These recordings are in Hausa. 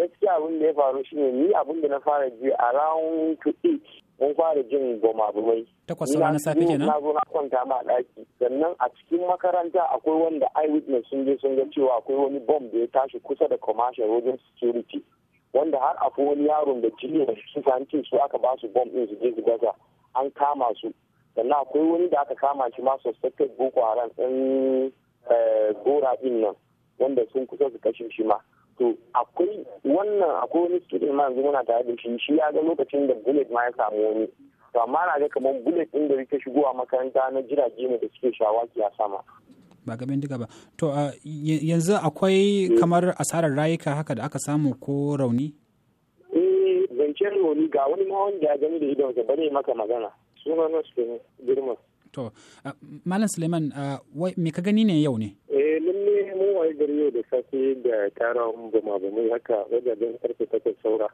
gaskiya abin da ya faru shine ni abin da na fara ji a round to mun fara jin goma bai Takwas na safe kenan? Na zo na kwanta ma ɗaki. Sannan a cikin makaranta akwai wanda witness sun je sun ga cewa akwai wani bomb da ya tashi kusa da commercial wajen security. Wanda har akwai wani yaron da jini da su ce su aka ba su bomb din su je su gaza an kama su. Sannan akwai wani da aka kama shi ma suspected Boko Haram ɗin eh, gora din nan wanda sun kusa su kashe shi ma. to akwai wannan akwai wani student ma yanzu muna tare da shi shi ya ga lokacin da bullet ma ya samu wani to amma na ga kamar bullet din da yake shigowa makaranta na jirage ne da suke shawaki a sama ba ga bindiga ba to yanzu akwai kamar asarar rayuka haka da aka samu ko rauni eh zancen rauni ga wani ma wanda ya gani da idonsa bare maka magana sunan su ne girma to malam suleiman me ka gani ne yau ne eh lalle mu waye gari yau da safe da taron bumabumai haka wajajen karfe takwas saura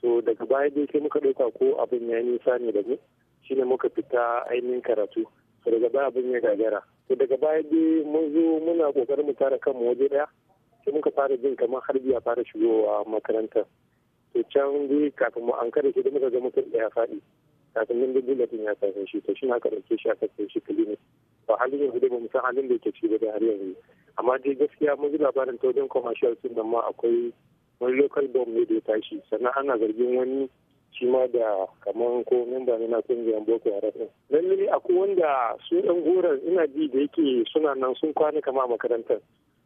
so daga baya dai sai muka ɗauka ko abin ya nisa ne da mu shine muka fita ainihin karatu so daga baya abin ya gagara to daga baya dai mun zo muna kokarin mu tara kanmu waje daya sai muka fara jin kamar harbi biya fara shigowa makarantar to can dai kafin mu an kare shi da muka ga mutum ɗaya faɗi kafin nan da bulletin ya same shi to shi haka ɗauke shi aka kai shi clinic yanzu hudu ba musan halin da yake ciki da har yanzu amma dai gaskiya mun ji labarin ta wajen commercial sun nan ma akwai wani local bomb ne da ya tashi sannan ana zargin wani shi ma da kamar ko memba ne na kungiyar boko haram din lallai akwai wanda su ɗan goron ina ji da yake suna nan sun kwana kama makarantar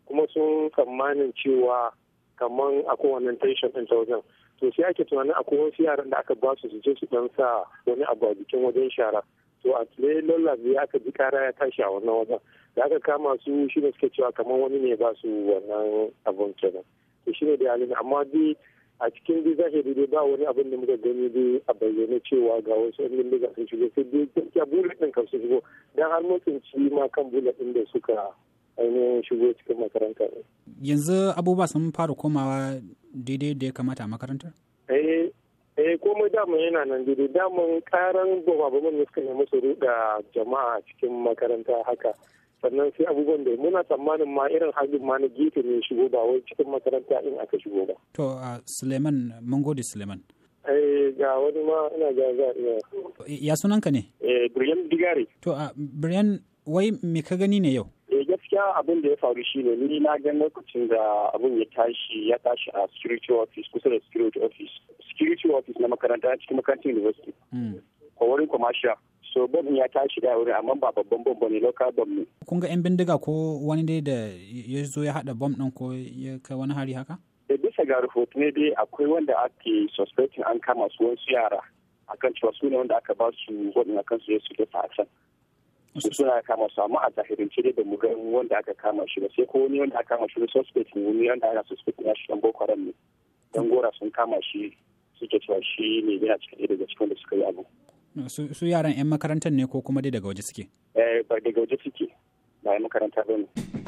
kuma sun tsammanin cewa kamar akwai wannan tension ɗin ta wajen to sai ake tunanin akwai wasu yaran da aka ba su su je su dan sa wani abu a jikin wajen shara to a tsaye lolla ya aka ji kara ya tashi a wannan wajen da aka kama su shi ne suke cewa kamar wani ne ba su wannan abun kenan to shi ne da halin amma dai a cikin dai zahiri dai ba wani abin da muka gani dai a bayyane cewa ga wasu yan bindiga sun shigo sai dai gaskiya bullet din kan su shigo dan har motsin ci ma kan bullet din da suka ainihin shigo cikin makaranta. yanzu abubuwa sun fara komawa daidai da ya kamata a makarantar? Eh, eh komai damun yana nan daidai damun karan bababaman ne suka nemi su ruɗa jama'a cikin makaranta haka sannan sai abubuwan da muna tsammanin ma irin hajjin ma na gefe ne shigo ba wai cikin makaranta in aka shigo ba. To Suleiman mun gode Suleiman. Eh ga wani ma ina ga za iya. Ya sunanka ne? Eh Brian Digare. To Brian wai me ka gani ne yau? gaskiya abin da ya faru shine ni na ga lokacin da abin ya tashi ya tashi a security office kusa da security office security office na makaranta na cikin makarantar university hmm. ko wurin commercial so bob ya tashi da wurin amma ba babban bob bane local bob ne kun ga yan bindiga ko wani dai da ya zo ya hada bom din ko ya kai wani hari haka da eh, bisa ga ne dai akwai wanda ake suspecting an kama su wasu yara akan cewa su ne wanda aka ba su waɗanda kansu ya su a can suna kama samu a zahirin cire da mu wanda aka kama shi ba sai ko wani wanda aka kama shi suspect ne wani wanda aka suspect ya shi dan boko haram ne dan gora sun kama shi suke cewa shi ne yana cikin daga cikin da suka yi abu mm, su yaran 'yan makarantar ne ko kuma dai daga waje suke? Eh, ba daga waje suke, ba 'yan makaranta ba ne.